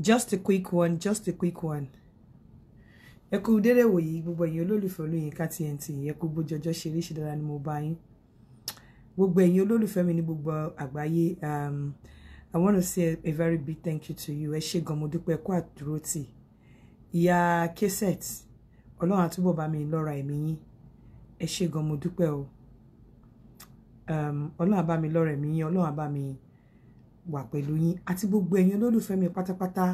just a quick one just a quick one ẹ kú dédé wòyí gbogbo ẹ̀yin olólùfẹ́ Olóyinka TNT ẹ kú bójọjọ́ ṣe eré ṣe dára ni mo bá yín gbogbo ẹ̀yin olólùfẹ́ mi ní gbogbo àgbáyé um, I want to say a very big thank you to you ẹ ṣé gan mo dúpẹ́ kú àdúró tì ìyá kset Ọlọ́run àtúbọ̀ bá mi lọ́ra ẹ̀mí yín ẹ ṣé gan mo dúpẹ́ o um, Ọlọ́run àbá mi lọ́ra ẹ̀mí yín Ọlọ́run àbá mi yín wà pẹ̀lú yín àti gbogbo ẹ̀yin olólùfẹ́ mi pátápátá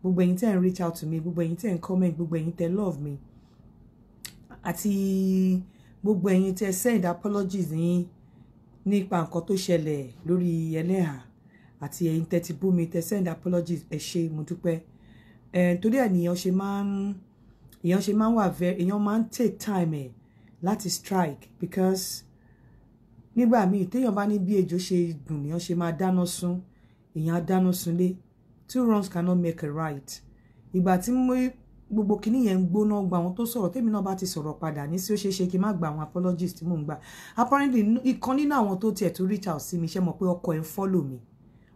gbogbo ẹ̀yin tẹ́ ń reach out to me gbogbo ẹ̀yin tẹ́ ń comment gbogbo ẹ̀yin tẹ́ love me àti gbogbo ẹ̀yin tẹ́ send apologies yín nípa nǹkan tó ṣẹlẹ̀ lórí ẹlẹ́hà àti ẹ̀yin tẹ́ ti bú mi tẹ́ send apologies ẹ ṣé mo dúpẹ́ ẹ̀ torí ẹ̀ nìyẹn ṣe máa ń èèyàn ṣe máa ń wà vẹ èèyàn máa ń take time ẹ̀ láti strike because nígbà míì téèyàn bá ní bí ejò ṣe gùn nìyẹn ṣe máa dáná sun èèyàn á dáná sunlé two wrongs cannot make a right ìgbà tí mo gbogbo kìíní yẹn ń gbóná gba àwọn tó sọ̀rọ̀ tèmi náà bá ti sọ̀rọ̀ padà ní sí ó ṣeé ṣe kí n má gba àwọn apologies tí mò ń gbà apparently ìkan nínú àwọn tó tiẹ̀ tó reach out sí mi ṣe mọ̀ pé ọkọ ẹ̀ ń follow mi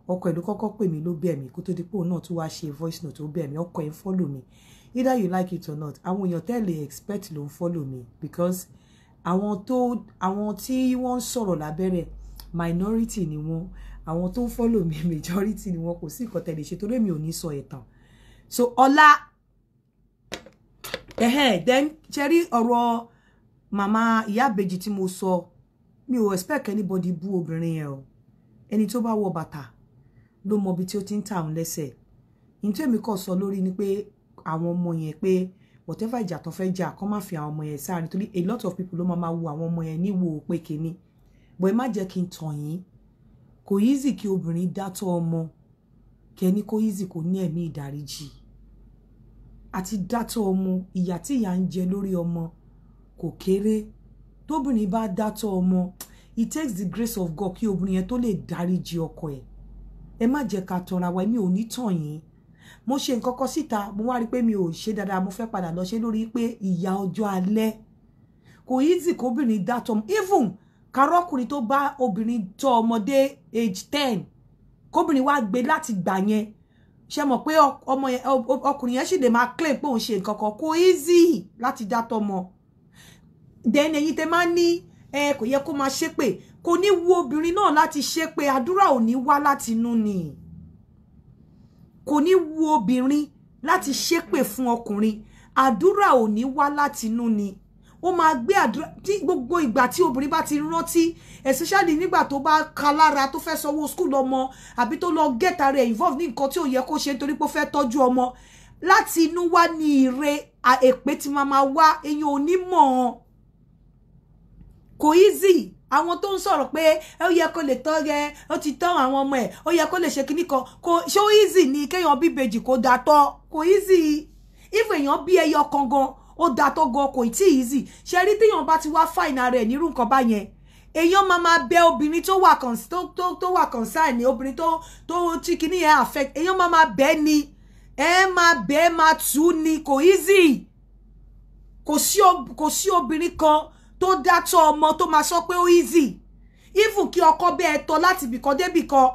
ọkọ ẹ̀ ló kọ́kọ́ pè mí ló bẹ̀ mí kó tó di pé òun náà tún wá ṣe voice note ó bẹ̀ mí ọkọ ẹ̀ ń follow mi either you like it or not àwọn èèyàn tẹ́lẹ̀ expect ló ń follow me because àwọn tó àwọn tí wọ́n ń sọ̀rọ̀ lábẹ́rẹ̀ minority ni wọ́n àwọn tó ń fọ́lò mi majority ni wọn kò sí nǹkan tẹ̀lé ṣe torí mi ò ní sọ ẹ̀tàn so ọlá ẹ̀hẹ́n then ṣẹ́rí ọ̀rọ̀ màmá ìyá àbèjì tí mo sọ mi ò expect anybody bú obìnrin yẹn o ẹni tó bá wọ bàtà ló mọ ibi tí ó ti ń tà ń lẹ́sẹ̀ ní tí èmi kọ̀ sọ lórí ni pé àwọn ọmọ yẹn pé whatever ìjà tó fẹ́ jà kọ́ má fi àwọn ọmọ yẹn sáà nítorí a lot of people ló máa ma wo àwọn ọmọ yẹn níwò pé kíní bọ́ ẹ má jẹ́ kí n tàn yín kò easy kí obìnrin dátọ́ ọmọ kẹni kò easy kò ní ẹ̀mí ìdáríjì àti dátọ́ ọmọ ìyà tí ìyà ń jẹ lórí ọmọ kò kéré tóbìnrin bá dátọ́ ọmọ it takes the grace of God kí obìnrin yẹn tó lè dáríjì ọkọ ẹ̀ ẹ má jẹ́ ká tọra wa èmi ò ní tàn yín mo ṣe nǹkan kan síta mo wá rí i pé mi ò ṣe dáadáa mo fẹ́ padà lọ ṣe lórí pé ìyà ọjọ́ alẹ́ kò easy kóbìnrin dátọ́ even karọ́kùnrin tó bá obìnrin tọ́ ọmọdé age ten kóbìnrin wá gbé láti gbà yẹn ṣe mọ̀ pé ọmọ yẹn ọkùnrin yẹn sì lè máa claim pé òun ṣe nǹkan kan kó easy láti dá tọmọ then ẹ̀yin tẹ máa ní ẹ kò yẹ kó máa ṣépè kò ní wu obìnrin náà láti ṣépè àdúrà ò ní wá láti inú ni kò ní wu obìnrin láti ṣépè fún ọkùnrin àdúrà ò ní wá láti inú ni ó máa gbé àdúrà tí gbogbo ìgbà tí obìnrin bá ti rántí especially nígbà tó bá ka lára tó fẹ́ sanwó school ọmọ àbí tó lọ gẹ́ta rẹ̀ involve ní nǹkan tí ò yẹ kó ṣe nítorí pé ó fẹ́ tọ́jú ọmọ láti inú wá ní ire èpè tí máa máa wá èèyàn onímọ̀ kò easy àwọn tó ń sọ̀rọ̀ pé ó yẹ kó lè tọ́ rẹ ó ti tán àwọn ọmọ ẹ̀ ó yẹ kó lè ṣe kíní kan kò ṣó easy ni kéèyàn bíbejì kó dàtọ́ kò easy if èèyàn bí ẹyọ kan ó da tó go kò tí easy ṣe rí téèyàn bá ti wá fáìn ara ẹ̀ nírú nǹkan báyẹn èèyàn máa máa bẹ obìnrin tó wà kàn tó tó tó wà concern ni obìnrin tó tó tí yẹn affect èèyàn máa máa bẹ ni ẹ máa bẹ máa tù ni kò easy kò sí kò sí obìnrin kan tó dátọ ọmọ tó máa sọ pé ó easy even kí ọkọ bẹ ẹ tọ láti ibìkan débìkan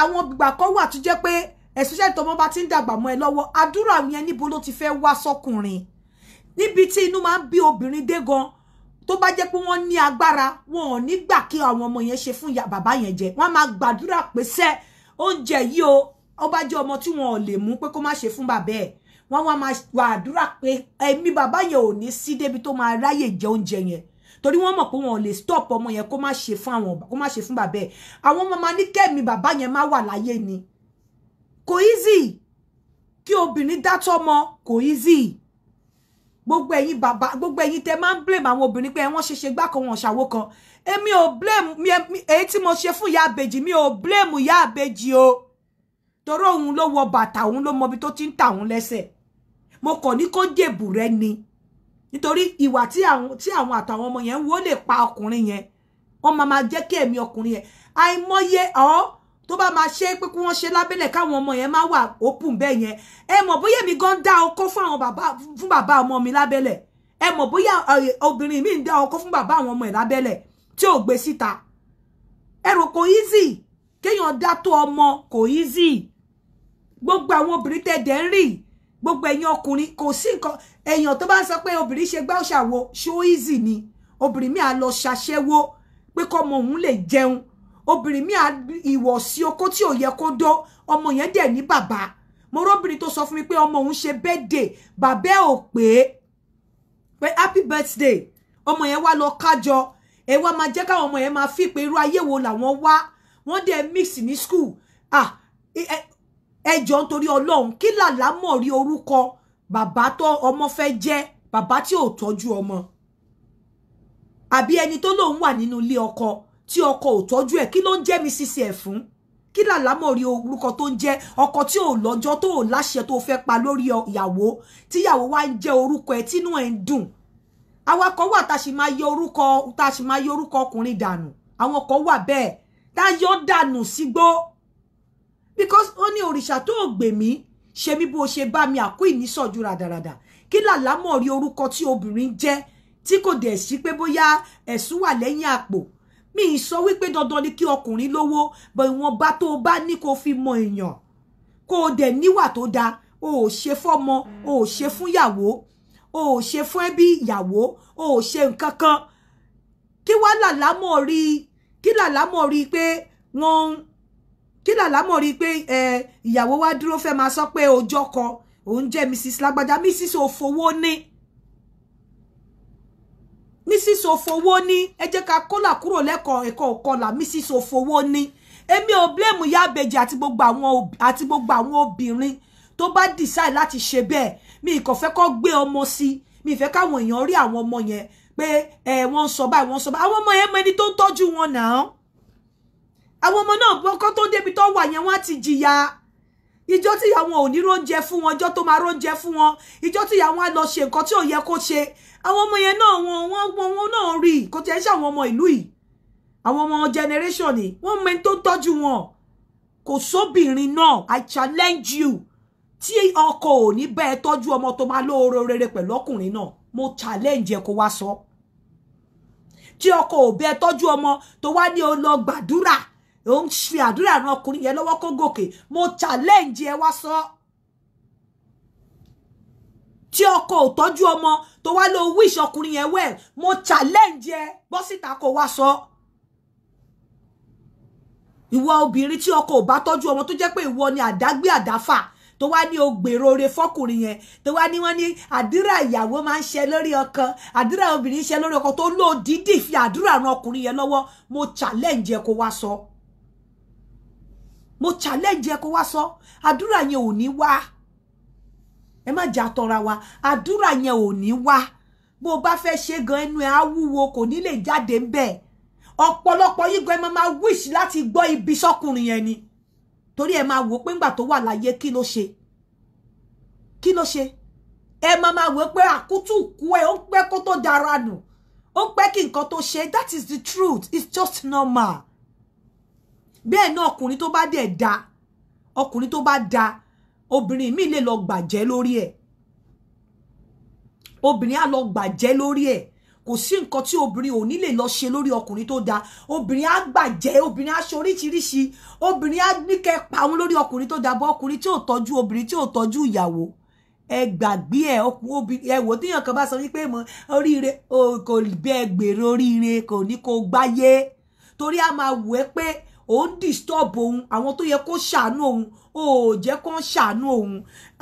àwọn ìgbà kan wà tó jẹ́ pé especially tọmọ bá ti ń dàgbà mọ́ ẹ lọ́wọ́ àdúrà yẹn níbo ló ti fẹ́ wá sọkùnrin. So níbi tí inú máa ń bí obìnrin dé gan tó bá jẹ́ pé wọ́n ní agbára wọn ò ní gbà kí àwọn ọmọ yẹn ṣe fún bàbá yẹn jẹ wọ́n máa gbàdúrà pé sẹ́ oúnjẹ yìí o ó bá jẹ́ ọmọ tí wọn ò lè mú pé kó má ṣe fún bàbá ẹ̀ wọ́n wá máa gbàdúrà pé ẹ̀mí bàbá yẹn ò ní sí débi tó máa ráyè jẹ oúnjẹ yẹn torí wọ́n mọ̀ pé wọn ò lè stop ọmọ yẹn kó má ṣe fún àwọn kó má ṣe fún bàbá ẹ̀ àwọn ọmọ máa ní kẹ́mi bàbá yẹn má wà láyé ni kò easy kí obìnrin dá tọ́mọ kò easy gbogbo ẹ̀yin bàbá gbogbo ẹ̀yin tẹ máa ń blame àwọn obìnrin pé wọ́n ṣe ṣe gbá kan wọ́n kan èmi ò blame èyí tí mo ṣe fún ìyá àbèjì mi ò blame ìyá àbèjì o torí òun ló wọ bàtà òun ló mọbi tó ti ń tà òun lẹ́sẹ̀ mo kàn ní kó jèbù rẹ ni nítorí ìwà tí àwọn àtàwọn ọmọ yẹn wò lè pa ọkùnrin yẹn wọ́n máa máa jẹ́ kí ẹ̀mí ọkùnrin yẹn àìmọye ọ́ tó bá máa ṣe pé kí wọ́n ṣe lábẹ́lẹ̀ káwọn ọmọ yẹn má wà open bẹ́ẹ̀ yẹn ẹ mọ̀ bóyá èmi gan dá ọkọ fún àwọn bàbá fún bàbá ọmọ mi lábẹ́lẹ̀ ẹ mọ̀ bóyá obìnrin mi ń dá ọkọ fún bàbá àwọn ọmọ ẹ̀ lábẹ́lẹ̀ tí ò gbé síta ẹrù kò easy kéèyàn dá tó ọmọ kò easy gbogbo àwọn obìnrin tẹ̀dẹ̀ ń rì gbogbo ẹ̀yin ọkùnrin kò sí nǹkan èèyàn tó bá sọ pé obìnrin ṣe gbá òṣàwò ṣó easy ni obìnrin mi à lọ ṣàṣẹ́wó pé kọ́mọ òun lè jẹun obìnrin mi ìwọ̀ sí okó tí ò yẹ kó dó ọmọ yẹn dẹ̀ ní bàbá mo róbìnrin tó sọ fún mi pé ọmọ òun ṣe birthday bàbá ò pé pé happy birthday ọmọ yẹn wá lọ kájọ ẹ wá máa jẹ́ káwọn ọmọ yẹn máa fi pé irú ayé wo làwọn wá wọ́n dẹ̀ mix ní school ah ẹjọ nítorí Ọlọ́run kí làlá mọ̀ rí orúkọ bàbá tó ọmọ fẹ́ jẹ́ bàbá tí ò tọ́jú ọmọ àbí ẹni tó lóun wà nínú ilé ọkọ Ti ọkọ ò tọ́jú ẹ̀ kí ló ń jẹ́ mi sisi ẹ̀ fún kí làlámọ̀ rí orúkọ tó ń jẹ́ ọkọ tí ò lọ́jọ́ tó ò láṣẹ tó fẹ́ pa lórí ìyàwó tíyàwó wa ń jẹ́ orúkọ ẹ̀ tínú ẹ̀ ń dùn awakọ̀ wà tá a sì máa yọ orúkọ tá a sì máa yọ orúkọ ọkùnrin dànù àwọn kan wà bẹ́ẹ̀ tá a yọ dànù sígbó because ó ní òrìṣà tó ò gbè mí ṣe mí bó ṣe bá mi àkó ìnísọ̀jú ràdàràdà kí làlámọ̀ rí orúkọ tí obìnrin jẹ́ tí kò dẹ̀ sí pé bóyá ẹ̀sùn wà lẹ́yìn àpò mi ì sọ wípé dandan ni kí ọkùnrin lówó bọ̀ ìwọ̀nba tó o bá ní kó fi mọ èèyàn kó o dẹ̀ níwà tó dáa o ò ṣe fọ́mọ o ò ṣe fúnyàwó o ò ṣe fún ẹbí ìyàwó o ò ṣe nǹkan kan kí wá làlámọ̀ rí kí làlámọ̀ rí pé wọ́n kí làlámọ̀ rí pé ìyàwó wa dúró fẹ́ máa sọ pé ọjọ́ kan òun jẹ́ mrs lágbájá mrs òfowó ní ní sísòfowó ní ẹ jẹ́ ká kólà kúrò lẹ́kọ̀ọ́ ẹ̀kọ́ ọ̀kọlà mí sísòfowó ní èmi ò blame ìyá àbèjì àti gbogbo àwọn obìnrin tó bá decide láti ṣe bẹ́ẹ̀ mi kò fẹ́ kó gbé ọmọ sí mi fẹ́ káwọn èèyàn rí àwọn ọmọ yẹn pé ẹ wọ́n ń sọ báyìí wọ́n ń sọ báyìí àwọn ọmọ yẹn mọ ẹni tó ń tọ́jú wọn náà àwọn ọmọ náà kó tó débi tó wà yẹn wọ́n á ti jìyà ìjọ tí ìyá wọn ò ní róúnjẹ fún wọn ìjọ tó máa róúnjẹ fún wọn ìjọ tí ìyá wọn á lọ ṣe nǹkan tí ò yẹ kó ṣe àwọn ọmọ yẹn náà wọn wọn wọn náà rí i kò tẹ̀ ṣe àwọn ọmọ ìlú yìí àwọn ọmọ generation ni wọ́n mẹ́ni tó tọ́jú wọn kò sóbìnrin náà i challenge you tí ọkọ ò ní bẹ́ẹ̀ tọ́jú ọmọ tó máa lóore rere pẹ̀lú ọkùnrin náà mo challenge ẹ kó wá sọ tí ọkọ ò bẹ́ẹ̀ tọ́jú ọmọ tó wá ní o lọ gbàdúrà ò ń ṣe àdúrà ran ọkùnrin yẹn lọ́wọ́ kó gòkè mo challenge ẹ wá sọ tí ọkọ ò tọ́jú ọmọ tó wá lọ wish ọkùnrin yẹn well mo challenge ẹ bọ́ síta kó wá sọ ìwọ obìnrin tí ọkọ ò bá tọ́jú ọmọ tó jẹ́ pé ìwọ ni àdágbé àdáfà tó wá ní ogbèrò re fọkùnrin yẹn tó wá ní wọn ní àdúrà ìyàwó máa ń ṣe lórí ọkọ àdúrà obìnrin ṣe lórí ọkọ tó lò dídì fi àdúrà ran ọkùnrin yẹn lọ́wọ́ mo challenge ẹ kó wá sọ. So mo challenge ẹ kó wá sọ àdúrà yẹn ò ní wá ẹ má wa àdúrà yẹn ò ní wá bó bá fẹ́ ṣe gan ẹnu ẹ̀ á wúwo kò ní lè jáde ń bẹ̀ ọ̀pọ̀lọpọ̀ yìí gan wish lati gbọ́ ibi sọ́kùnrin yẹn ni torí ẹ máa wò pé ńgbà tó wà láyé kí ló ṣe kí ló ṣe ẹ máa máa wò pé àkútù kú ẹ ó pẹ́ kó tó dára nù ó pẹ́ kí nǹkan tó that is the truth it's just normal bẹ́ẹ̀ náà ọkùnrin tó bá dẹ̀ da ọkùnrin tó bá da obìnrin mi lè lọ gbàjẹ́ lórí ẹ̀ obìnrin á lọ gbàjẹ́ lórí ẹ̀ kò sí nǹkan tí obìnrin ò ní lè lọ ṣe lórí ọkùnrin tó da obìnrin á gbàjẹ́ obìnrin á ṣe oríṣiríṣi obìnrin á ní kẹ́ pa òun lórí ọkùnrin tó da bọ́ ọkùnrin tí ò tọ́jú obìnrin tí ò tọ́jú ìyàwó ẹ gbàgbé ẹ ọkùnrin ẹ wò tíyàn kan bá sọ wípé mo oríire kò bẹ gbèrò oríire kò ní kó gbáyé torí a máa wù ẹ́ pé ò ń disturb òun àwọn tó yẹ kó ṣàánú òun ò jẹ́ kó ń ṣàánú òun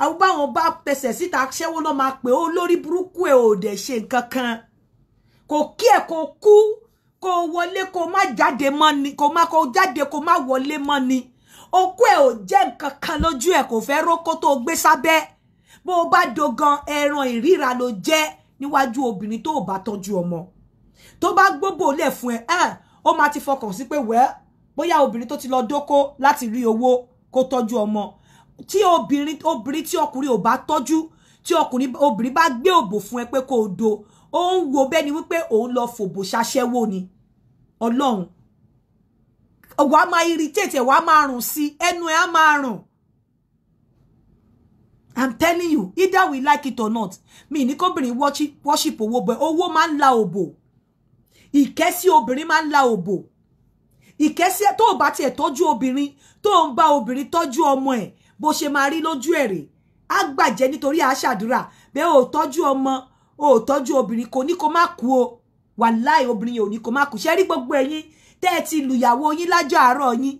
àwọn báwọn bá pẹsẹ̀ síta ṣẹ́wó náà máa pè ó lórí burúkú ẹ̀ ò dẹ̀ ṣe nǹkan kan kò kí ẹ̀ kó kú kó wọlé kó má jáde mọ́ ni kó má kó jáde kó má wọlé mọ́ ni okú ẹ̀ ò jẹ́ nǹkan kan lójú ẹ̀ kò fẹ́ rókó tó gbé sábẹ́ bó o bá dogan ẹran ìríra ló jẹ́ níwájú obìnrin tó o bá tọ́jú ọmọ tó bá gbógbó lẹ̀ fún ẹ ó máa ti fọkàn sí pé wẹ́ẹ́ bóyá obìnrin to ti lọ dóko láti ri owo kó tọ́jú ọmọ tí obìnrin obìnrin tí ọkùnrin ò bá tọ́jú tí ọkùnrin obìnrin bá gbé òbò fún ẹ pé kó o do ó ń wo bẹ́ẹ̀ ni wípé òun lọ fòbò ṣaṣẹ́wó ni ọlọ́run wàá máa irritate wàá máa rùn sí ẹnu ẹ á máa rùn i'm telling you either we like it or not mi ní kóbìnrin worship owó bẹ owó máa ń la obo ìkẹ́sí obìnrin máa ń la obo ìkẹ́sí ẹ tó o bá tiẹ̀ tọ́jú obìnrin tó o ń bá obìnrin tọ́jú ọmọ ẹ̀ bó ṣe máa rí lójú ẹ̀rẹ̀ á gbàjẹ́ nítorí àṣàdúrà bẹ́ẹ̀ ò tọ́jú ọmọ ò tọ́jú obìnrin kò ní kó má kú o wàláì obìnrin yìí ò ní kó má kú ṣe rí gbogbo ẹ̀yin tẹ́ ẹ ti lùyàwó yín lájọ́ àárọ̀ yín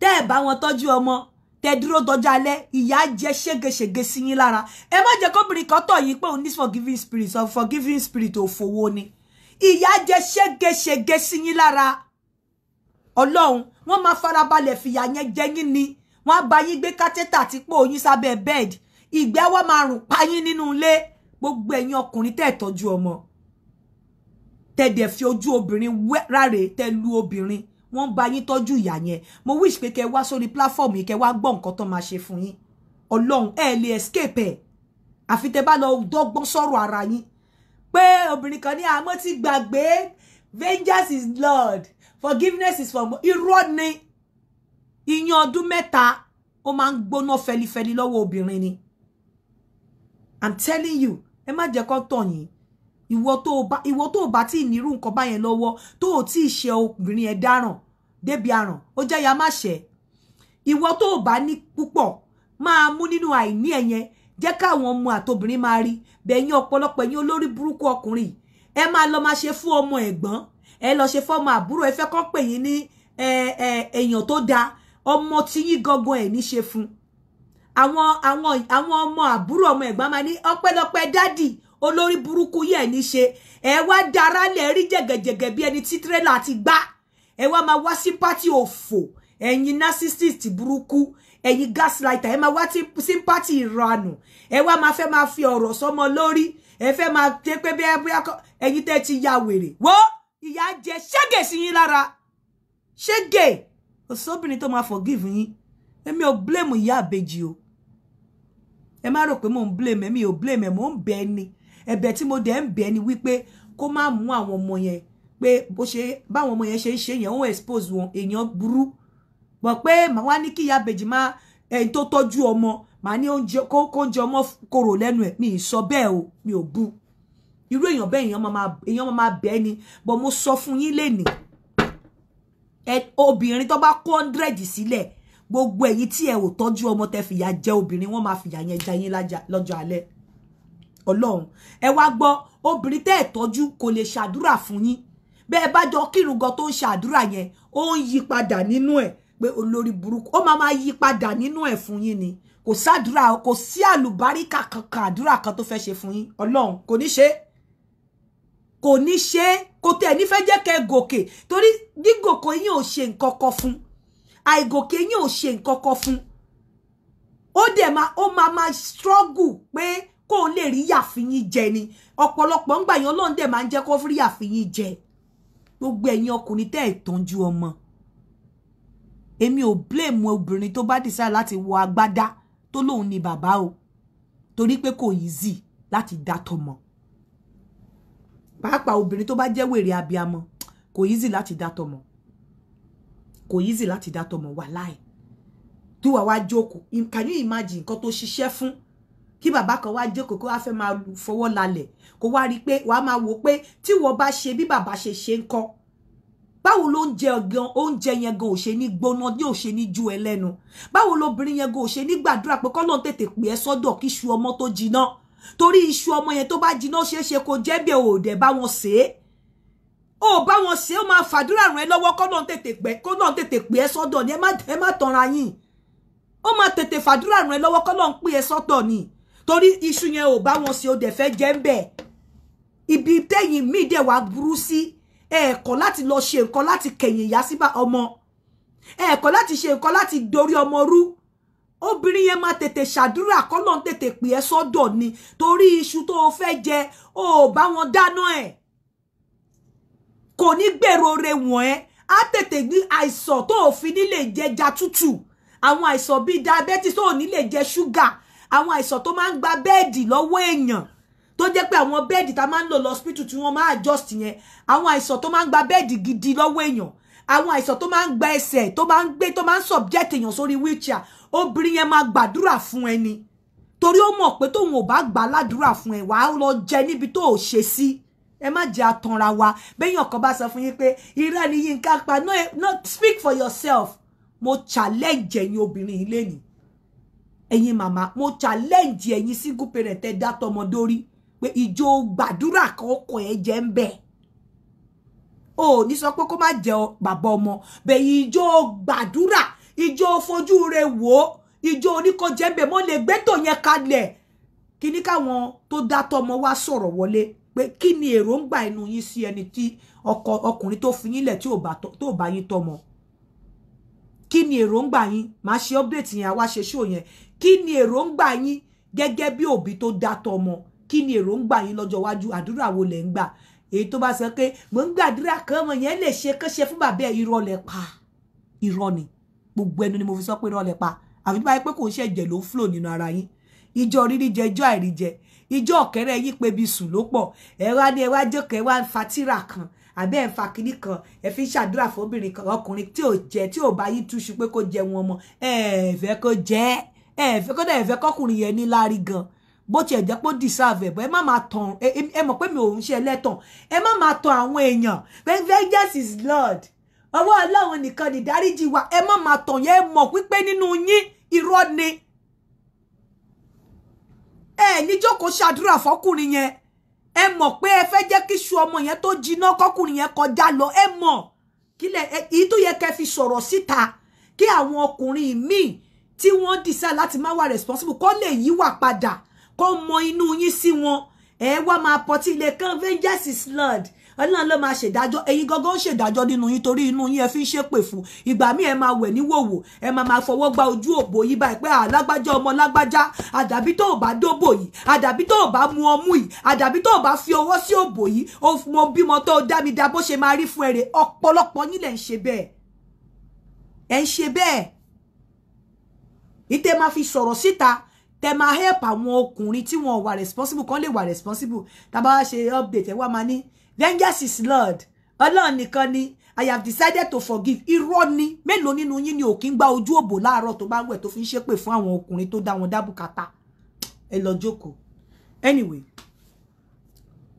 tẹ́ ẹ bá wọn tọ́jú ọmọ tẹ́ dúró dọjọ́ alẹ́ ìyà jẹ ṣégeṣège sí yín lára ẹ má jẹ́ kóbìnrin kan tọ̀ yín pé òun ní forgiving spirit of forgiving spirit òfòwò ni ìyà jẹ ṣégeṣège sí yín lára ọlọ́run wọ́n máa farabalẹ̀ fìyà yẹn jẹ ni wọ́n á bá yín gbé kátẹ́tà tí pò yín sábẹ́ bẹ́ẹ̀dì ìgbẹ́ wa máa rùn pa yín nínú ilé gbogbo ẹ̀yin ọkùnrin tẹ́ ẹ̀ tọ́jú ọmọ tẹ́ dẹ̀ fi ojú obìnrin ráre tẹ́ lu obìnrin wọ́n bá yín tọ́jú ìyà yẹn mo wish pé kẹ́ wá sórí platform yìí kẹ́ wá gbọ́ nǹkan tó máa ṣe fún yín ọlọ́run ẹ lè escape ẹ̀ àfi tẹ́ bá lọ dọ́gbọ́n sọ̀rọ̀ ara yín pé obìnrin kan ní àmọ́ ti gbàgbé vengeance is lord forgiveness is for irọ́ ni ìyàn ọdún mẹ́ta ó máa ń feli fẹlifẹli lọ́wọ́ obìnrin ni i'm telling you ẹ má jẹ́ kó tàn iwo to tó bá ìwọ tó bá tí nírú nǹkan báyẹn lọ́wọ́ tó ò tí ì ṣe obìnrin ẹ̀ dáràn débi àràn ó jẹ́ ya má ṣe ìwọ tó bá ní púpọ̀ máa mú nínú àìní ẹ̀yẹn jẹ́ káwọn ọmọ àtobìnrin máa rí bẹ̀yìn ọ̀pọ̀lọpọ̀ ẹ̀yìn olórí burúkú ọkùnrin ẹ máa lọ máa ṣe fún ọmọ ẹ̀gbọ́n ẹ lọ ṣe fọ́mọ àbúrò ẹ fẹ́ kán pè yín ní èèyàn tó dáa ọmọ tí yín gangan ẹ̀ ní ṣe fún àwọn àwọn àwọn ọmọ àbúrò ọmọ ẹ̀gbọ́n máa ní ọpẹ́lọpẹ́ dádì olórí burúkú yìí ẹ̀ ní ṣe ẹ wá dára lẹ̀ rí jẹ̀gẹ̀jẹ̀gẹ̀ bí ẹni tí tírélà ti gbá ẹ wá máa wá sí pátì òfò ẹ̀yin narcissist burúkú ẹ̀yin gaslighter ẹ máa wá sí pátì ìranù ẹ wá máa fẹ́ máa fi ọ̀rọ̀ sọmọ lórí ẹ fẹ́ máa jẹ́ pé bí ẹ̀yin tẹ́ ti ya wèrè wọ́ọ́ ìyá jẹ ṣẹ́gẹ̀ sí yín lára ṣẹ́gẹ̀ kò sóbìnrin tó máa forgive yín èmi ò blame ìyá àbejì o ẹ má rò pé mò ń blame èmi ò blame ẹ mò ń bẹ ni ẹ̀bẹ̀ tí mo dẹ̀ ń bẹ ni wípé kó má mú àwọn ọmọ yẹn pé bó ṣe báwọn ọmọ yẹn ṣe ń ṣe yẹn ó expose wọn èèyàn burú bọ pé màá wá ní kí ìyá àbejì má ẹni tó tọ́jú ọmọ màá ní kó oúnjẹ ọmọ korò lẹ́nu ẹ̀ mi ì sọ bẹ́ẹ̀ o mi ò bú irú èèyàn bẹ́ẹ̀ èèyàn máa èèyàn máa bẹ́ẹ̀ ni but mo sọ fún yín lénìí obìnrin tó bá kó hundred sílẹ̀ gbogbo èyí tí ẹ ò tọ́jú ọmọ tẹ fìyà jẹ obìnrin wọ́n máa fìyà yẹn jẹ yín lọ́jọ́ alẹ́ ọlọ́run ẹ wá gbọ́ obìnrin tẹ́ ẹ̀ tọ́jú kò lè ṣàdúrà fún yín bẹ́ẹ̀ bá jọ kírun gan tó ń ṣàdúrà yẹn ó ń yí padà nínú ẹ̀ pé olórí burúkú ó máa máa yí padà nínú ẹ̀ fún yín ni kò sádùúrà kò sí àlùbáríkà kankan àdúrà kan tó fẹ́ ṣe fún yín ọlọ́run kò ní ṣe é kò ní ṣe é kò tẹ̀ nífẹ̀ẹ́ jẹ́ kẹ́ gòkè torí gígòkò yín ò ṣe nǹkan kan fún àìgòkè yín ò ṣe nǹkan kan fún ó dẹ̀ máa ó máa máa struggle pé kó o lè rí yàfíyín jẹ ni ọ̀pọ̀lọpọ̀ ńgbà yẹn ọlọ́run dẹ̀ máa ń jẹ́ kó rí yàfíyín jẹ gbogbo ẹ̀yin ọkùnrin tẹ́ ẹ̀ tọ́jú ọmọ èmi ò blame obìnrin tó bá decide láti wọ agbádá tó lóun ni bàbá o torí pé kò easy láti dá tọmọ pàápàá obìnrin tó bá jẹ́ wèrè abiamọ kò easy láti dá tọmọ kò easy láti dá tọmọ wàláì tí wàá wá jókòó can you imagine nǹkan tó ṣiṣẹ́ fún kí bàbá kan wá jókòó kó wá fẹ́ máa fọwọ́ lálẹ̀ kó wá rí i pé wàá máa wò ó pé tí wọ́n bá ṣe bí bàbá ṣe ṣe ń kọ́ báwo ló ń jẹ gan oúnjẹ yẹn gan ò ṣe ní gbóná ní ṣe ní ju ẹlẹ́nu báwo lobìnrin yẹn gan ò ṣe ní gbàdúrà pé kọ́nà tètè pè é sọ́dọ̀ kí iṣu ọmọ tó jiná torí iṣu ọmọ yẹn tó bá jiná ṣeéṣe kó jẹ́bẹ̀ ò dẹ̀ bá wọn ṣe é ó bá wọn ṣe ó máa fàdúrà ràn ẹ́ lọ́wọ́ kó náà tètè pẹ́ kó náà tètè pè ẹ́ sọ́dọ̀ ni ẹ má tanra yín ó máa tètè fàdúrà ràn ẹ́ lọ́wọ́ kó náà pè ẹ́ sọ́dọ̀ ni torí iṣu yẹn ò bá wọn ṣe ó dẹ̀ fẹ́ jẹ́ ń bẹ̀ ibi tẹ́yìn míì dẹ̀ wá burú sí ẹ̀ẹ̀kọ́ láti lọ ṣe nǹkan láti kẹ̀yìn ìyá sí ọmọ ẹ̀ẹ̀kọ́ láti ṣe nǹkan láti dorí ọmọ rú obìnrin yẹn máa tètè ṣàdúrà kọ́lọ́n tètè pè ẹ́ sọ́dọ̀ ni torí iṣu tó o fẹ́ jẹ o ò bá wọn dáná ẹ̀ kò ní gbèrò re wọ̀n ẹ́ á tètè gbé àìsàn tó o fi nílé jẹja tútù àwọn àìsàn bíi diabetes tó o nílé jẹ ṣúgà àwọn àìsàn tó máa ń gba bẹ́ẹ̀dì lọ́wọ́ èèyàn tó jẹ́ pé àwọn bẹ́ẹ̀dì tá máa ń lò lọ́spítù tí wọ́n máa adjust yẹn àwọn àìsàn tó máa ń gba bẹ́ẹ̀dì gidi lọ́wọ́ èèyàn àwọn àìsàn tó máa ń gba ẹsẹ̀ tó máa ń gbé tó máa ń subject èèyàn sórí wheelchair obìnrin yẹn máa gbàdúrà fún ẹni torí ó mọ̀ pé tóun ò bá gbà ládùúrà fún ẹ wàá lọ jẹ níbi tó ò ṣe sí ẹ má jẹ́ atanra wa béèyàn kan bá sọ fún yín pé irọ́ ni yín ká pa no, no speak for yourself mo challenge ẹ̀yin obìnrin ilé ni ẹ̀yin màmá mo challenge ẹ̀yin single parent ẹ dá tọmọ dórí pé ìjọ gbàdúrà kan ẹ jẹ ń bẹ́ẹ̀ ò ní sọ pé kó má jẹ́ bàbá ijo bẹ̀yìn ìjọ gbàdúrà ìjọ fojú rẹ wò ó ìjọ oníkọjẹ́bẹ̀ mo lè gbẹ́tò yẹn kalẹ̀ kí ní káwọn tó dátọ́ ọmọ wá sọ̀rọ̀ wọlé pé kí ni èròǹgbà inú yín sí ẹni tí ọkùnrin tó fi yín lẹ̀ tí ò bá yín tọmọ kí ni èròǹgbà yín máa ṣe update yẹn àwa ṣe show yẹn kí ni èròǹgbà yín gẹ́gẹ́ bí òbí tó dátọ́ ọmọ kí ni èròǹgbà yín lọ́jọ́ iwájú àdúrà wo lẹ̀ ń èyí tó bá sọ pé mò ń gbàdúrà kan ọmọ yẹn lè ṣe kán ṣe fún bàbá ẹ irọ́ lẹ pa irọ́ ni gbogbo ẹnu ni mo fi sọ pé irọ́ lẹ pa àfi báyìí pé kò ń ṣẹ̀jẹ̀ ló ń flow nínú ara yín ìjọ rírí jẹ ìjọ àìrí jẹ ìjọ ọ̀kẹ́rẹ́ yín pé bí sùn ló pọ̀ ẹ wá ní ẹ wá jókè ẹ wá ń fa tíra kan àbẹ́ ẹ̀ ń fa kinní kan ẹ fi ń ṣàdúrà fóbìnrin kan ọkùnrin tí ò jẹ tí ò bá yín túṣu pé kó jẹ wọn ọmọ ẹ ẹ fẹ́ kó jẹ ẹ ẹ fẹ́ kó dẹ̀ ẹ fẹ́ kọkùnrin yẹn ní láárí gan bó tiẹ̀ jẹ́ pé ó deserve ẹ̀ bọ́ ẹ má máa tàn ẹ mọ̀ pé mi ò ń ṣe ẹlẹ́tàn ẹ má máa tàn àwọn èèyàn pé vengeance is Lord ọwọ́ ọlọ́run nìkan nìdáríjì wa ẹ má máa tàn yẹn ẹ mọ̀ pípé nínú yín irọ́ ni ẹ ní jókòó ṣàdúrà fọkùnrin yẹn ẹ mọ̀ pé ẹ fẹ́ jẹ́ kí iṣu ọmọ yẹn tó jiná kọkùnrin yẹn kọjá lọ ẹ mọ̀ kílẹ̀ èyí tó yẹ kẹ́ fi sọ̀rọ̀ síta kí àwọn ọkùnrin míì tí wọ́n dìsá láti má wà responsible kó lè yíwà padà kó mọ inú yín sí wọn ẹ wá máa pọtí ilé kan vengeance is lord ọlọ́run ló máa ṣèdájọ́ ẹ̀yin gangan ń ṣèdájọ́ nínú yín torí inú yín ẹ fi ń ṣépè fún ìgbà míì ẹ máa wẹ̀ níwòwò ẹ máa máa fọwọ́ gba ojú òbò yìí báyìí pé alágbájá ọmọ lágbájá àdàbí tó ò bá dóbò yìí àdàbí tó ò bá mu ọmú yìí àdàbí tó ò bá fi ọwọ́ sí òbò yìí ó mọ bímọ tó dá mi dá bó ṣe máa rí fún èrè ọ̀pọ̀lọpọ̀ yín lẹ̀ ń ṣe bẹ́ẹ̀ ẹ̀ ń ṣe bẹ́ẹ̀ ìtẹ́ tẹ máa help àwọn ọkùnrin tí wọn wà responsible kan lè wà responsible tàbá wá ṣe update ẹ wá máa ní vengeance is lord ọlọ́run nìkan ni i have decided to forgive irọ́ ni mélòó nínú yín ni ò kí ń gba ojú òbò láàárọ̀ tó bá wẹ̀ tó fi ń ṣépè fún àwọn ọkùnrin tó dá wọn dábùkátà ẹ lọ jókòó anyway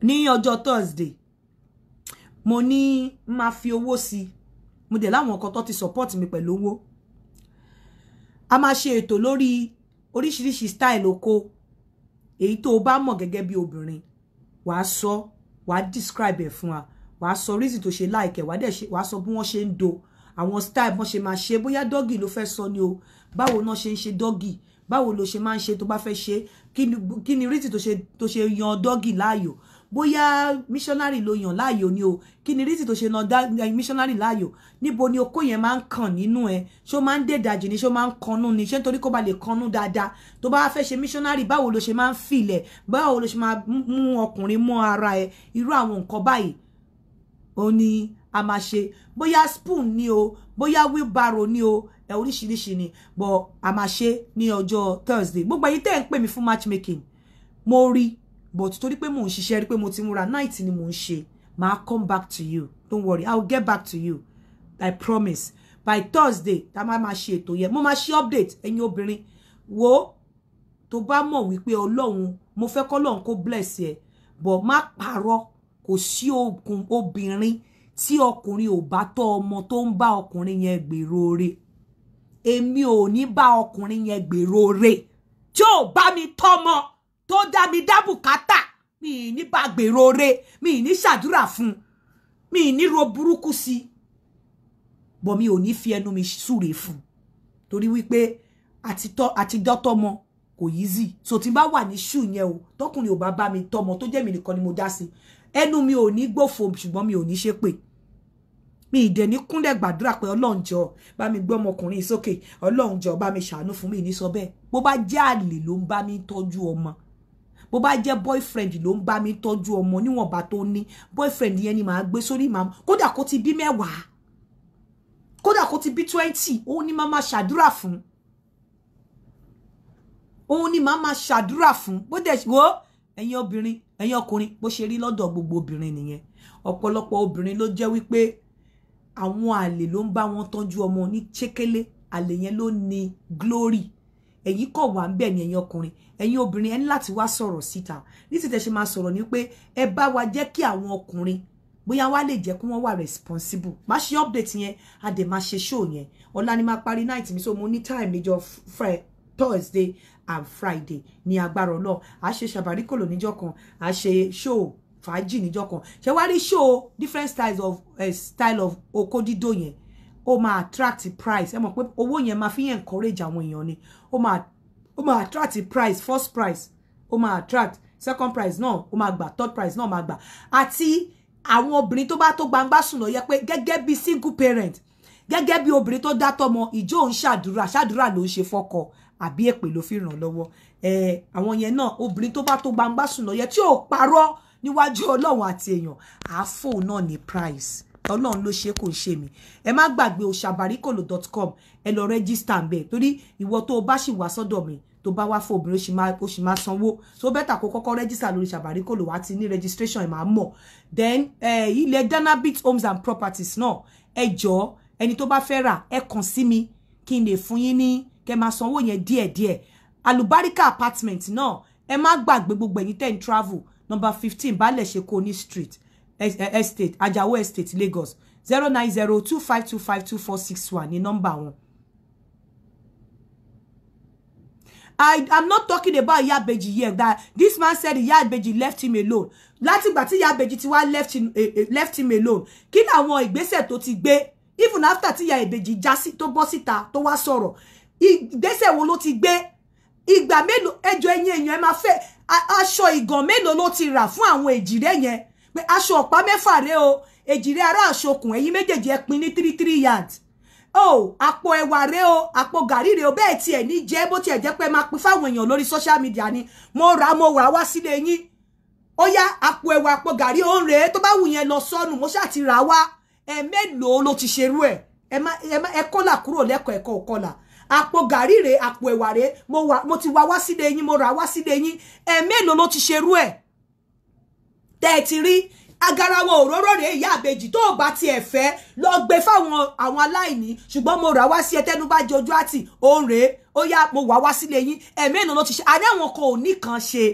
ní ọjọ́ thursday mo ní máa fi owó sí mo dẹ̀ láwọn kan tó ti support mi pẹ̀lú owó a máa ṣe ètò lórí oríṣiríṣi style oko èyí tó o bá mọ̀ gẹ́gẹ́ bí obìnrin wàá sọ wàá describe ẹ̀ fún wa wàá sọ reason tó ṣe like ẹ̀ wàá sọ bí wọ́n ṣe ń do àwọn style bọ́n ṣe máa ṣe bóyá dọ́gì ló fẹ́ sọ ni o báwo náà ṣe ń ṣe dọ́gì báwo ló ṣe máa ń ṣe tó bá fẹ́ ṣe kí ni reason tó ṣe yan dọ́gì láàyò bóyá missionary ló yàn láàyò ni o kí ni rísì tó ṣe na dá eh, missionary láàyò níbo ni okó yẹn máa ń kàn nínú ẹ ṣó máa ń dèdàjì ni ṣó máa ń kanú ni ṣé nítorí kó ba lè kanú dáadáa tó bá fẹ́ ṣe missionary báwo ló ṣe máa ń filẹ̀ báwo ló ṣe máa mú ọkùnrin mọ́ ara ẹ irú àwọn nǹkan báyìí ó ní a máa ṣe bóyá spoon ni o bóyá wheelbarrow ni o ẹ oríṣiríṣi ni but a máa ṣe ní ọjọ́ Thursday gbogbo ẹ̀yin tẹ́ ń pè mí fún matchmaking mo rí i but torí pé mò ń ṣiṣẹ́ rí pé mo ti múra night ni mò ń ṣe màá come back to you don't worry i will get back to you i promise by thursday tá máa ma ṣe ètò yẹn mo máa ṣe update ẹ̀yin obìnrin wo tó bá mọ̀ wípé ọlọ́run mo fẹ́ kọ́lọ́run kó bless ẹ but má parọ́ kò sí oògùn obìnrin tí ọkùnrin ò bá tọ́ ọmọ tó ń ba ọkùnrin yẹn gbèrò rẹ̀ èmi ò ní bá ọkùnrin yẹn gbèrò rẹ̀ tí ò mi tọ́mọ tó dá mi dá mi ní bá gbèrò re mi ní ṣàdúrà fún mi ní ro burúkú sí bọ̀ mi ò ní fi ẹnu mi súre fún torí wípé àtitọ́ àtijọ́ tọmọ kò easy so tí n bá wà ní ṣù yẹn o tọkùnrin ò bá bá mi tọmọ tó jẹ́ mi nìkan ni mo dá sí ẹnu mi ò ní gbófo ṣùgbọ́n mi ò ní ṣépè mi ìdẹ ní kúnlẹ̀ gbàdúrà pé ọlọ́run jọ bá mi gbé ọmọkùnrin sókè ọlọ́run jọ bá mi ṣàánú fún mi ní sọ bẹ́ẹ̀ bó bá jẹ́ àlè ló ń bá mi tọ́jú ọmọ bó bá jẹ́ boyfriend ló ń bá mi tọ́jú ọmọ níwọ̀nba tó ní boyfriend yẹn ni màá gbé sórí màá kódà kó ti bí mẹ́wàá kódà kó ti bí twenty òun ni màá máa ṣàdúrà fún òun ni màá máa ṣàdúrà fún bó dẹ̀ wo ẹ̀yin obìnrin ẹ̀yin ọkùnrin bó ṣe rí lọ́dọ̀ gbogbo obìnrin nìyẹn ọ̀pọ̀lọpọ̀ obìnrin ló jẹ́ wípé àwọn àlè ló ń bá wọn tọ́jú ọmọ ní chékélé àlè yẹn ló ní glory ẹ̀yin kọ̀ wá ń bẹ̀ ni ẹ̀yin ọkùnrin ẹ̀yin obìnrin ẹ̀ ń láti wá sọ̀rọ̀ síta ní ti tẹ̀sí máa sọ̀rọ̀ ni pé ẹ bá wa jẹ́ kí àwọn ọkùnrin bóyá wá lè jẹ́ kí wọ́n wà responsible má ṣe update yẹn a dẹ̀ máa ṣe show yẹn ọ̀la ni máa parí night mi so mo ní time níjọ Thursday and Friday Ni agbára ọlọ́ọ̀ a ṣe ṣàbáríkòlò níjọ kan a ṣe show fàájì níjọ kan ṣe wá rí show different styles of uh, style of okodido yẹn ó máa attract price ẹ mọ̀ pé owó yẹn máa fi encourage àwọn èèyàn ni ó máa ó máa attract price first price ó máa attract second price no. ó máa gbà third price no. Ma gbà Ati àwọn obìnrin tó bá tó gbangba sùn lọ yẹ pé gẹ́gẹ́ single parent gẹ́gẹ́ bí obìnrin tó dá tọmọ ìjọ òun ṣàdúrà ṣàdúrà ló ń ṣe fọ́kọ àbí èpè ló fi ràn lọ́wọ́ ẹ àwọn yẹn náà obìnrin tó bá tó gbangba sùn lọ yẹ tí ò parọ́ níwájú Ọlọ́run àti èèyàn àáfò náà ní price ọlọ́run ló ṣe kò ń ṣe mí ẹ má gbàgbé òṣàbàríkòlò dot com ẹ lọ rẹ́gísítà ń bẹ̀ torí ìwọ tó o bá sì wá sọ́dọ̀ mi tó bá wá fún obìnrin ó sì máa sanwó so bẹ́tà kó kọ́kọ́ rẹ́gísítà lórí ṣàbàríkòlò wá ti ní registration ẹ̀ máa mọ̀ then eh, ilẹ̀ danabit homes and properties náà ẹ jọ ẹni tó bá fẹ́ rà ẹ kàn sí mi kí n lè fún yín ní kẹ́ máa sanwó yẹn díẹ̀díẹ̀ alubarika apartment náà ẹ má gbàgbé gbogbo ẹ̀yin tẹ́ travel number fifteen balẹ̀ ṣe kò ní street Eh, estate Ajawo estate Lagos zero nine zero two five two five two four six one ni nọ́mbà wọn. I am not talking about Iyabeji here that this man said Iyabeji left him alone. Láti ìgbà tí Iyabeji ti wá left him eh, eh, left him alone. Kí ni àwọn ìgbésẹ̀ tó ti gbé even after tí Iyabeji já sí tó bọ́ síta tó wá sọ̀rọ̀. Ìgbésẹ̀ wo ló ti gbé? Ìgbà mélòó ẹjọ́ ẹ̀yin èèyàn ẹ máa fẹ́ aṣọ ìgàn mélòó ló ti rà fún àwọn èjìrẹ́ yẹn pé aṣọ ọ̀pá mẹ́fà rẹ o ejire ara àṣokùn ẹ̀yìn méjèèjì ẹ pín ní three three yard o àpò ẹ̀wà rẹ o àpò gàrí rẹ o bẹ́ẹ̀ tiẹ̀ ní jẹ́ bó tiẹ̀ jẹ́ pé máa pín fáwọn èèyàn lórí social media ni mo rà mo wà wá sílé yín ó yá àpò ẹ̀wà àpò gàrí òun rèé tó bá wù lo lọ sọnù mo ṣáà ti rà wá ẹ mélòó ló ti ṣerú ẹ ẹ má ẹ kọ́là kúrò lẹ́kọ̀ọ́ ẹ̀kọ́ ọ̀kọ́là àpò gàrí rèé àpò ẹ̀wà rèé mo ti wá wá sílé yín mo rà wá sílé yín ẹ mélòó ló ti ṣerú ẹ tẹ́ ẹ ti rí agarawa òróró rèé ìyá àbejì tó bá tiẹ̀ fẹ́ lọ gbé fáwọn àwọn aláìní ṣùgbọ́n mo rà wá sí ẹtẹ́nu bá jojú àti òun rèé ó yá mo wà wá sílé yín ẹ̀mí ìnáwó ti ṣe àní àwọn kan ò ní kan ṣe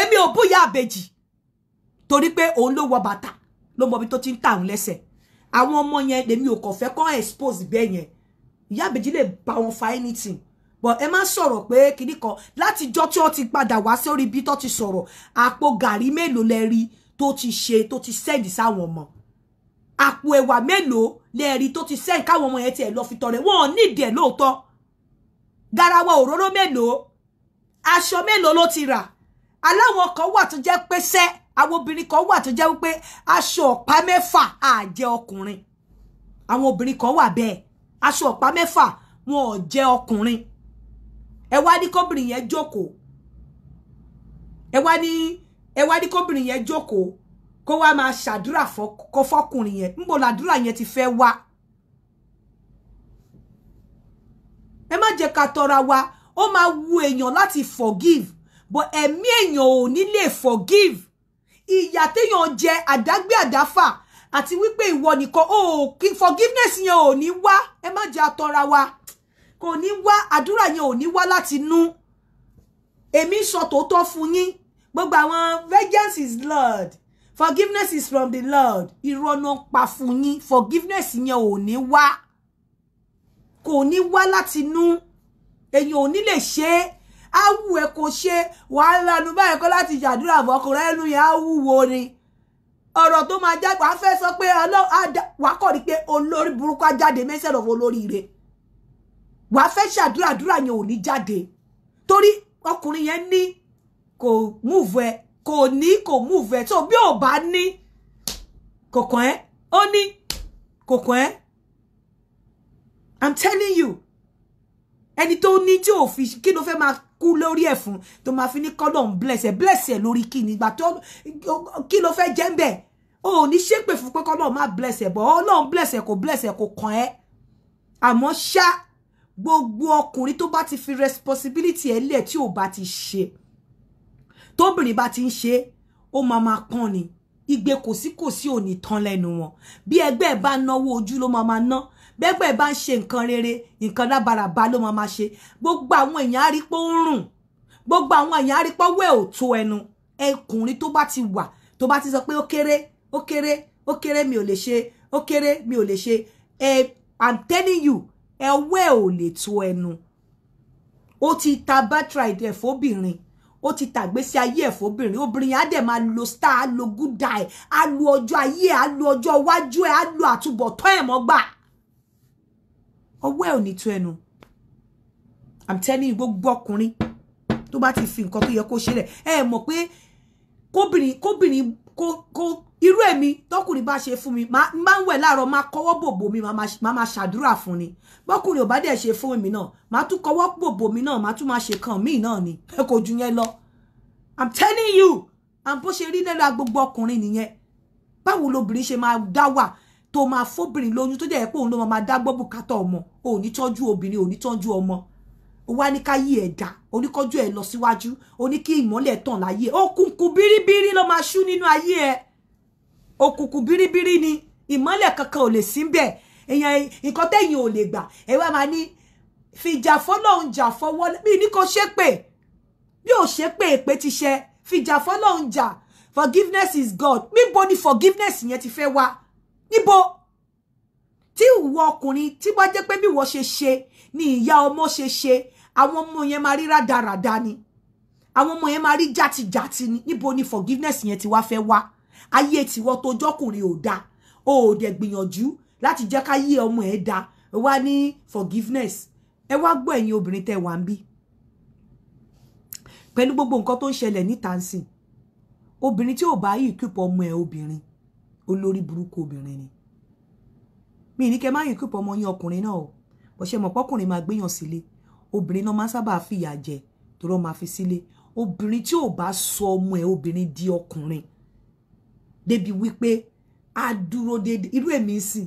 èmi ò bú ìyá àbejì torí pé òun ló wọ bàtà ló mọ ibi tó ti ń tà lẹ́sẹ̀ àwọn ọmọ yẹn lèmi ò kàn fẹ́ kọ́ expose bẹ́ẹ̀ yẹn ìyá àbejì lè bá wọn fa anything but ẹ má sọ̀rọ̀ pé kinní kan látijọ́ tí ó ti padà wá sórí ibi tó ti sọ̀rọ̀ àpò gàrí mélòó lẹ rí tó ti ṣe tó ti sẹ́ẹ̀dì sáwọn ọmọ àpò ẹ̀wà mélòó lẹ rí tó ti sẹ́ẹ̀dì káwọn ọmọ yẹn tiẹ̀ lọ fi tọrẹ wọn ò nídìí ẹ̀ lóòótọ́ garawa òróró mélòó aṣọ mélòó ló ti rà aláwọn kan wà tó jẹ́ pé sẹ́ àwọn obìnrin kan wà tó jẹ́ wípé aṣọ ọ̀pá mẹ́fà àjẹ́ ọkùnrin àwọn obìnrin kan wà bẹ́ẹ̀ aṣọ ọ̀pá mẹ́fà wọn ò jẹ́ ọkùnrin ẹwà wá ní yẹn jókòó ẹwà wá ní ẹ wá yẹn jókòó kó ṣàdúrà fọkọ fọkùnrin yẹn làdúrà ti fẹ́ wá ẹ má jẹ ká tọra wa wu èèyàn láti forgive but ẹ̀mí èèyàn ò ní lè forgive ìyà téèyàn jẹ àdágbé àdáfà àti wípé ìwọ nìkan oh, forgiveness yẹn ò ní wá ẹ kò ní wá àdúrà yẹn ò ní wá láti nú èmi sọ tòótọ́ fún yín gbogbo àwọn vengeance is Lord forgiveness is from the Lord ìrọ̀nà pa fún yín forgiveness yẹn ò ní wá kò ní wá láti nú èyàn ò ní lè ṣe é áwù ẹ kò ṣe wàhálà nu báyìí kọ́ láti ṣàdúrà fọkùnrin ẹnu yẹn áwùwo ni ọ̀rọ̀ tó máa jágbà á fẹ́ sọ pé wàá kọ̀ ní pé olórí burúkú á jáde mẹ́sẹ̀ lọ́wọ́ olóríire wàá fẹ́ ṣàdúrà àdúrà yẹn ò ní jáde torí ọkùnrin yẹn ní kò múùvù ẹ kò ní kò múùvù ẹ tó bí ò bá ní kò kàn ó ní kò kàn i'm telling you ẹni tó ní tí ò fi kí ló fẹ́ máa kú lórí ẹ̀ fún tó máa fi ní kọ́dọ̀ ń bless ẹ bless ẹ lórí kí ni ìgbà tó kí ló fẹ́ jẹ́ ń bẹ̀ o ò ní ṣépè fún pé kọ́dọ̀ má bless ẹ bọ̀ ọlọ́run bless kò bless kò kàn ẹ́ àmọ́ ṣáá gbogbo ọkùnrin tó bá ti fi responsibility ẹ̀ tí ò bá ti ṣe tóbìnrin bá ti ń ṣe ó máa máa pọ́n ni igbe kò sí kò sí ò ní tán lẹ́nu wọn bí ẹgbẹ́ ẹ̀ bá náwó ojú ló máa máa ná bẹ́gbẹ́ ẹ̀ bá ń ṣe nǹkan rere nǹkan rábaràba ló máa máa ṣe gbogbo àwọn èèyàn á rí pé ó ń rùn gbogbo àwọn èèyàn á rí pé wẹ́ẹ̀ ò tó ẹnu ẹkùnrin tó bá ti wà tó bá ti sọ pé ó kéré ó kéré ó kéré mi ò lè ṣe ó kéré mi ò lè ṣe I'm telling you ẹwẹ́ ò lè tó ẹnu ó ti ta birthright ẹ̀ fóbìnrin ó ti tàgbésí ayé ẹ̀ fóbìnrin obìnrin á dẹ̀ máa lo star á lo good eye á lo ọjọ́ ayé ẹ̀ á lo ọjọ́ iwájú ẹ̀ á lo àtúbọ̀tán ẹ̀ mọ́gbà ọwọ́ ẹ̀ ò ní tó ẹnu i'm telling you gbogbo ọkùnrin tó bá ti fi nǹkan tó yẹ kó ṣe rẹ̀ ẹ mọ̀ pé kóbìnrin kóbìnrin irú èmi tọkùnrin bá ṣe fún mi máa ń wẹ̀ láàárọ̀ máa kọ́wọ́ bòbò mi máa máa ṣàdúrà fún ni bọ́kùnrin ò bá dẹ̀ ṣe fún mi náà máa tún kọ́wọ́ bòbò mi náà máa tún máa ṣe kàn míì náà ni ẹ kò ju yẹn lọ i'm telling you and bó ṣe rí lẹ́ra gbogbo ọkùnrin nìyẹn báwo lobìnrin ṣe máa dá wà tó máa fóbìnrin lóyún tó jẹ́ pé òun ló máa dá gbọ́ bùkátà ọmọ ò ní tọ́jú obìnrin ò ní tọ́jú ọmọ ó wá ní ká yí ẹ̀dá oníkọ́jú ẹ̀ lọ síwájú oníkí ìmọ́lẹ̀ tàn láyé ó kúnkún bíríbírí ló máa ṣú nínú ayé ẹ̀ òkùnkùn biribiri ni ìmọ́lẹ̀ kankan ò lè sí bẹ̀ èèyàn nǹkan tẹ̀yìn ò lè gbà ẹ wá máa ní fìjà fọlọ́run jà fọwọ́ mi ní kò ṣe pé bí ò ṣe pé èpè ti ṣe fìjà fọlọ́run jà forgiveness is God níbo ni forgiveness yẹn ti fe wa níbo tí ìwọ ọkùnrin ti wọ́n jẹ́ pé bí wọ́n ṣe ṣe ni ìyá ọmọ ṣe ṣe àwọn ọmọ yẹn máa rí rádaràda ni àwọn ọmọ yẹn máa rí játijàti ni níbo ni forgiveness yẹn ti wa fe wa ayé tiwọ tó jọkùnrin ò dáa o ò dẹ̀ gbìyànjú láti jẹ́ ká yé ọmọ ẹ̀ dáa ẹ wá ní forgiveness ẹ wá gbọ́ ẹ̀yin obìnrin tẹ́ wà ń bí pẹ̀lú gbogbo nǹkan tó ń ṣẹlẹ̀ níta ń sìn obìnrin tí ò bá yìí kíkọ ọmọ ẹ̀ obìnrin olórí burúkú obìnrin ni mi ní kẹ́ má yìí kíkọ ọmọ yín ọkùnrin náà o bó ṣe mọ̀ pọ́kùnrin máa gbéyàn sílé obìnrin náà máa ń sábà fìyà jẹ tó rọ́ máa fi sílé obìnrin tí ò bá sọ ọmọ ẹ̀ obìnrin di ọkùnrin débi wípé a dúró déédéé irú èmi ń sìn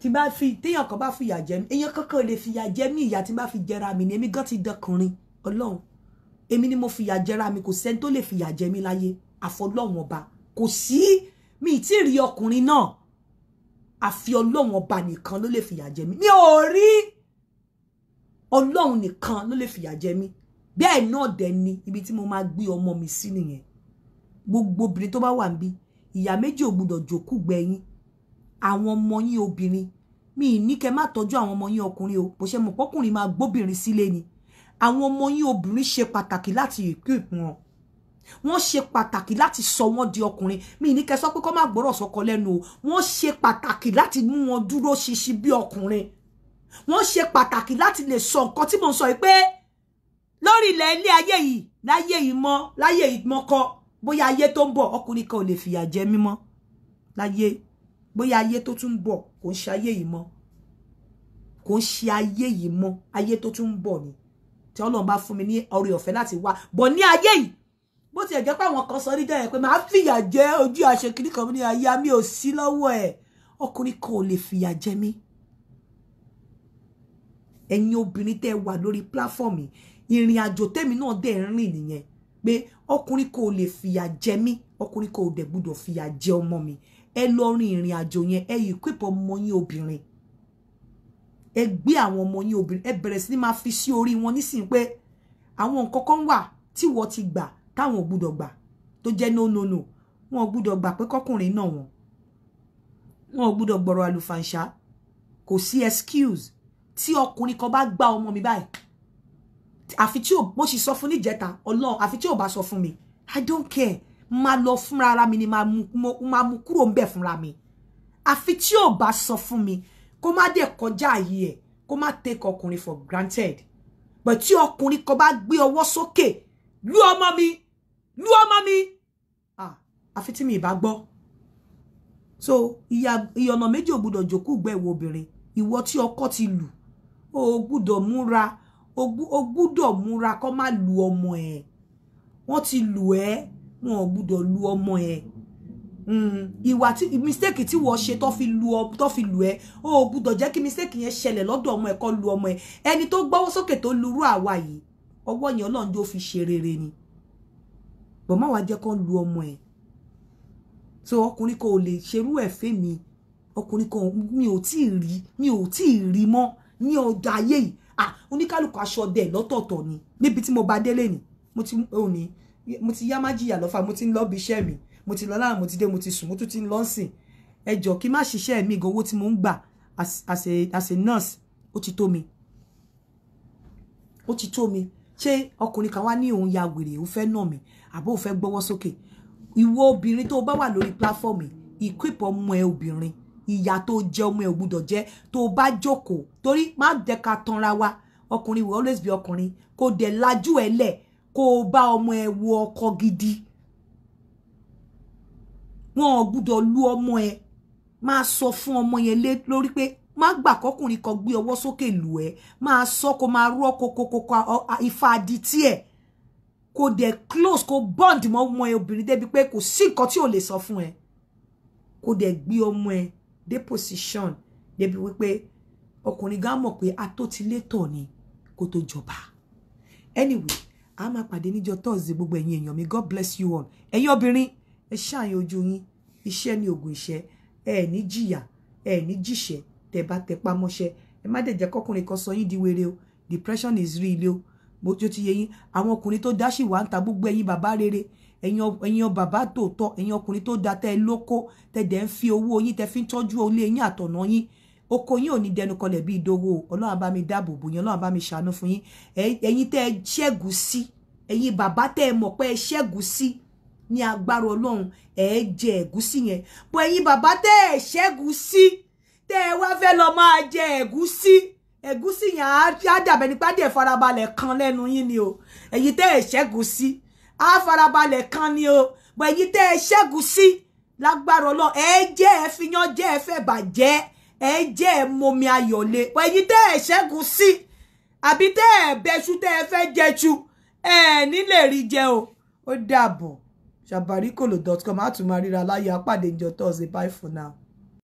tí bá fi téèyàn kan bá fìyà jẹ mí èèyàn kankan lè fìyà jẹ mí ìyà tí bá fi jẹra mi ni èmi gan ti dọkùnrin ọlọ́run èmi ni mo fìyà jẹra mi kò sẹ́ni tó lè fìyà jẹ mí láyé àfọlọ́run ọba kò sí mi ì tí ì rí ọkùnrin náà àfi ọlọ́run ọba nìkan ló lè fìyà jẹ mí mi ò rí ọlọ́run nìkan ló lè fìyà jẹ mí bẹ́ẹ̀ náà dẹ̀ ibi tí mo máa gbé ọmọ mi sí nìyẹn gbogbo obìnrin tó bá wà níbí ìyá méjì ò gbúdọ̀ jókù gbẹ̀yìn àwọn ọmọ yín obìnrin mi ní kẹ́ má tọ́jú àwọn ọmọ yín ọkùnrin o bó ṣe mọ̀ pọ́kùnrin máa gbóbìnrin sílé ni àwọn ọmọ yín obìnrin ṣe pàtàkì láti equip wọn wọ́n ṣe pàtàkì láti sọ wọ́n di ọkùnrin mi ní kẹ́ sọ pé kó má gbọ́rọ̀ sọ́kọ lẹ́nu o wọ́n ṣe pàtàkì láti mú wọn dúró ṣinṣin bí ọkùnrin wọ́n ṣe pàtàkì láti lè sọ nǹkan tí mo sọ yìí pé lórí ilé ayé yìí láyé yìí mọ́ láyé yìí mọ́ kọ́ bóyá ayé tó ń bọ̀ ọkùnrin kan ò lè fìyà jẹ mí mọ́ láyé bóyá ayé tó tún ń bọ̀ kò ń ṣe ayé yìí mọ́ kò ń ṣe ayé yìí mọ́ ayé tó tún ń bọ̀ ni tí Ọlọ́run bá fún mi ní ọrẹ ọ̀fẹ́ láti wá bọ̀ ní ayé yìí bó tiẹ̀ jẹ́ pé àwọn kan sọ níjọ́ yẹn pé màá fìyà jẹ ojú àṣẹ kìíní kan ní ayé mi ò sí lọ́wọ́ ẹ̀ ọkùnrin kan ò lè fìyà jẹ mí ẹ̀yin obìnrin tẹ́ wà lórí pláfọ́ọ̀mù ìrìn àjò tẹ́mi náà dẹ̀ ń rìn nìyẹn pé ọkùnrin kò lè fìyà jẹ mí ọkùnrin kò dẹ̀ gbúdọ̀ fìyà jẹ ọmọ mi ẹ lọ rin ìrìn àjò yẹn ẹ yìí equip ọmọ yín obìnrin ẹ gbé àwọn ọmọ yín obìnrin ẹ bẹ̀rẹ̀ sí ní máa fi sí orí wọn nísìnyí pé àwọn nǹkan kan wà tí wọ́n ti gbà táwọn ò gbúdọ̀ gbà tó jẹ́ no no no wọn ò gbúdọ̀ gbà pé kọkùnrin náà wọn wọn ò gbúdọ̀ gbọ́rọ̀ àlùfàǹṣá kò sí excuse tí ọkùnrin kan bá gbá ọmọ mi báyìí àfi tí mo sì sọ fún níjẹta ọlọ́run àfi tí ò bá sọ fún mi i don't care máa lọ fúnra ara mi ni máa mú kúrò ń bẹ̀ fúnra mi àfi tí ò bá sọ fún mi kó má dẹ̀ kọjá ààyè ẹ̀ kó má take ọkùnrin for granted but tí ọkùnrin kan bá gbé ọwọ́ sókè lú ọmọ mi lú ọmọ mi ah àfi tí mi ì bá gbọ́ so ìyọ̀nà méjì ò gbúdọ̀ jòkú gbẹ̀wò obìnrin ìwọ tí ọkọ ti lù ó gbúdọ̀ múra o gbúdọ̀ múra kó má lu ọmọ ẹ̀ wọ́n ti lù ẹ́ wọn ò gbúdọ̀ lu ọmọ ẹ̀ hmm, ìwà tí mistake tí wọ́n ṣe tó fi lu tó fi lu ẹ́ o ò gbúdọ̀ jẹ́ kí mistake yẹn ṣẹlẹ̀ lọ́dọ̀ ọmọ ẹ̀ kó lu ọmọ ẹ̀ ẹni tó gbọ́wọ́ sókè tó lurú àwa yìí ọwọ́ yẹn ọlọ́run fi ṣe rere ni bọ̀ má wàá jẹ́ kó lu ọmọ ẹ̀ so ọkùnrin kan ò lè ṣerú ẹ̀ fẹ́mi ọkùnrin kan mi ò tí ì rí mi ò tí ì rí mọ́ ní ọjà ayé yìí ah oníkálùkù aṣọ dẹ lọ́tọ̀ọ̀tọ̀ ni níbi tí mo bá délé ni mo ti òní mo ti yá má jìyà mo ti ń lọ bí iṣẹ́ mi mo ti lọ láàrin mo ti dé mo ti sùn mo tún ti ń lọ sìn ẹ kí má ṣiṣẹ́ mi gan owó tí mo ń gbà as a nurse ó ti tó mi ó ti tó mi ṣé ọkùnrin kan wá ní òun ya wèrè òun fẹ́ nà mí àbó òun fẹ́ gbọ́wọ́ sókè ìwọ obìnrin tó bá wà lórí platform yìí equip ẹ obìnrin ìyà tó jẹ ọmọ ẹ̀ ògbúdọ̀ jẹ tó bá jókòó torí má jẹ́ ká tanra wa ọkùnrin will always be ọkùnrin kò dẹ̀ lajú ẹ̀ lẹ̀ kó bá ọmọ ẹ̀ wo ọkọ gidi wọn ò gbúdọ̀ lu ọmọ ẹ̀ máa sọ fún ọmọ yẹn lórí pé má gbà kọkùnrin kan gbé ọwọ́ sókè lù ẹ́ máa sọ kó máa rọ́ kokokoko ifá adití ẹ̀ kò dẹ̀ close kò bond mọ́ ọmọ ẹ̀ obìnrin débi pé kò sí nǹkan tí ò lè sọ fún ẹ kò dẹ̀ gbé ọmọ ẹ̀ dé position débi wípé ọkùnrin gan mọ̀ pé atótilétọ̀ ni kó tó jọba anyway a máa pàdé níjọ́ Thursday gbogbo ẹ̀yin èèyàn mi God bless you all ẹ̀yin obìnrin e ṣàyàn ojú yín iṣẹ́ ni ògùn ìṣẹ́ ẹ ní E ẹ ní jìṣẹ́ tẹ́ bá tẹpá mọ́ṣẹ́ ẹ má dẹ̀ jẹ́ kọ́kùnrin kan sọ yín di wèrè o depression is real o mo ti yẹ yín àwọn ọkùnrin tó dá sí gbogbo ẹ̀yin bàbá rere ẹ̀yin bàbá tòótọ́ ẹ̀yin ọkùnrin tó da tẹ́ ẹ lóko tẹ́ dẹ̀ ń fi owó yín tẹ́ fi ń tọ́jú ilé yín àtọ̀nà yín oko yín ò ní dẹnu kọlẹ̀ bí ìdówó ọlọ́run bá mi dáàbò bò yín ọlọ́run bá mi ṣàánú fún yín ẹ̀yin tẹ́ ẹ ṣẹ́gun sí ẹ̀yin bàbá tẹ́ ẹ mọ̀ pé ẹ ṣẹ́gun sí ní agbára ọlọ́run ẹ jẹ ẹ̀gúsí yẹn bó ẹ̀yin bàbá tẹ́ ẹ ṣẹ́gun sí tẹ́ ẹ wá fẹ́ lọ máa jẹ ẹ̀gúsí ẹ̀gúsí yẹn á dàbẹ̀ nípa díẹ̀ farabalẹ̀ kan lẹ́nu yín ni o ẹ̀yin tẹ́ ẹ ṣẹ́gun sí á farabalẹ̀ kan ni o bọ̀ èyí tẹ́ ẹ ṣẹ́gun sí lágbára ọlọ́ ẹ jẹ́ ẹ fiyán jẹ́ ẹ fẹ́ bàjẹ́ ẹ jẹ́ ẹ momi ayọ̀lé bọ̀ èyí tẹ́ ẹ ṣẹ́gun sí àbí tẹ́ ẹ bẹ́ṣu tẹ́ ẹ fẹ́ jẹ́ṣu ẹ nílè rí jẹ o ó dàbọ̀ sabarikolo dot com á tún máa ríra láyé apàdé ìjọ thursday bye for now.